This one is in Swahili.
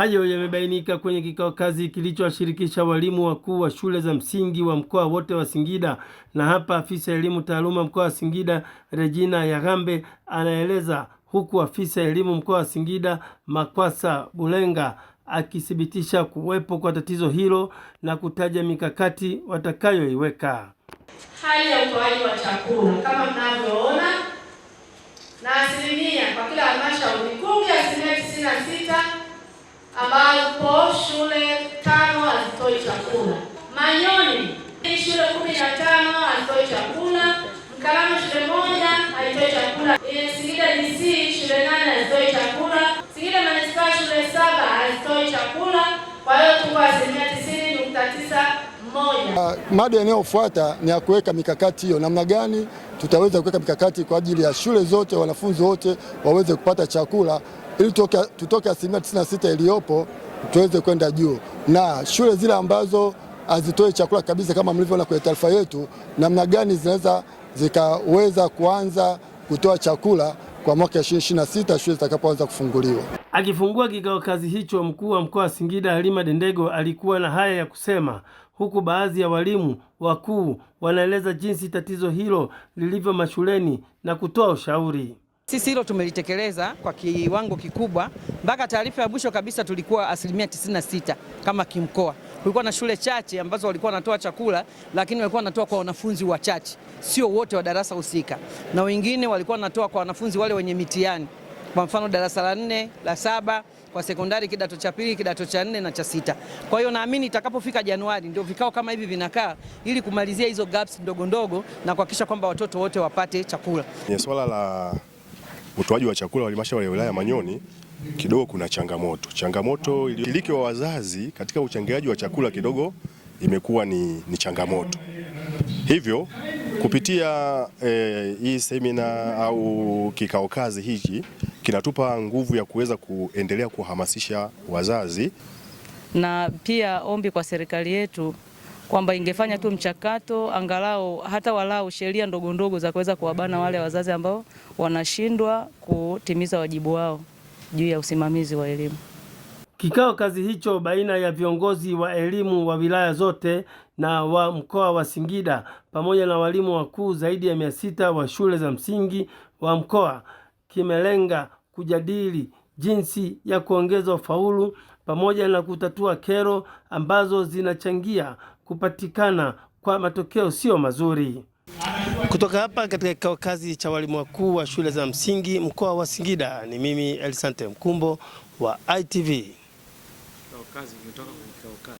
Hayo yamebainika kwenye kikao kazi kilichowashirikisha walimu wakuu wa shule za msingi wa mkoa wote wa Singida, na hapa afisa elimu taaluma mkoa wa Singida Regina Yagambe anaeleza, huku afisa elimu mkoa wa Singida Makwasa Bulenga akithibitisha kuwepo kwa tatizo hilo na kutaja mikakati watakayoiweka. Hali ya utoaji wa chakula kama mnavyoona, na asilimia kwa kila halmashauri kumi, asilimia tisini na sita ambapo shule tano hazitoi chakula. Manyoni shule kumi na tano hazitoi chakula. Mkalama shule moja haitoi chakula. E, Singida DC shule nane hazitoi chakula. Singida manispaa shule saba hazitoi chakula. Kwa hiyo tuko asilimia tisini nukta tisa moja. Ah, mada yanayofuata ni ya kuweka mikakati hiyo, namna gani tutaweza kuweka mikakati kwa ajili ya shule zote, wanafunzi wote waweze kupata chakula ili tutoke asilimia 96 iliyopo tuweze kwenda juu, na shule zile ambazo hazitoi chakula kabisa, kama mlivyoona kwenye taarifa yetu, namna gani zinaweza zikaweza kuanza kutoa chakula kwa mwaka 2026 shule zitakapoanza kufunguliwa. Akifungua kikao kazi hicho, mkuu wa mkoa wa Singida Halima Dendego alikuwa na haya ya kusema, huku baadhi ya walimu wakuu wanaeleza jinsi tatizo hilo lilivyo mashuleni na kutoa ushauri. Sisi hilo tumelitekeleza kwa kiwango kikubwa. Mpaka taarifa ya mwisho kabisa tulikuwa asilimia 96 kama kimkoa. Kulikuwa na shule chache ambazo walikuwa wanatoa chakula, lakini walikuwa wanatoa kwa wanafunzi wachache, sio wote wa darasa husika, na wengine walikuwa wanatoa kwa wanafunzi wale wenye mitihani, kwa mfano darasa la nne, la saba kwa sekondari kidato cha pili, kidato cha nne na cha sita. Kwa hiyo naamini itakapofika Januari ndio vikao kama hivi vinakaa ili kumalizia hizo gaps ndogo ndogo na kuhakikisha kwamba watoto wote wapate chakula. Ni swala la utoaji wa chakula wa halmashauri ya wilaya Manyoni kidogo kuna changamoto. Changamoto ushiriki wa wazazi katika uchangiaji wa chakula kidogo imekuwa ni, ni changamoto. Hivyo kupitia eh, hii semina au kikao kazi hiki kinatupa nguvu ya kuweza kuendelea kuhamasisha wazazi na pia ombi kwa serikali yetu kwamba ingefanya tu mchakato angalau hata walau sheria ndogo ndogo za kuweza kuwabana wale wazazi ambao wanashindwa kutimiza wajibu wao juu ya usimamizi wa elimu. Kikao kazi hicho baina ya viongozi wa elimu wa wilaya zote na wa mkoa wa Singida pamoja na walimu wakuu zaidi ya mia sita wa shule za msingi wa mkoa kimelenga kujadili jinsi ya kuongeza ufaulu pamoja na kutatua kero ambazo zinachangia kupatikana kwa matokeo sio mazuri. Kutoka hapa katika kikao kazi cha walimu wakuu wa shule za msingi mkoa wa Singida, ni mimi Elisante Mkumbo wa ITV.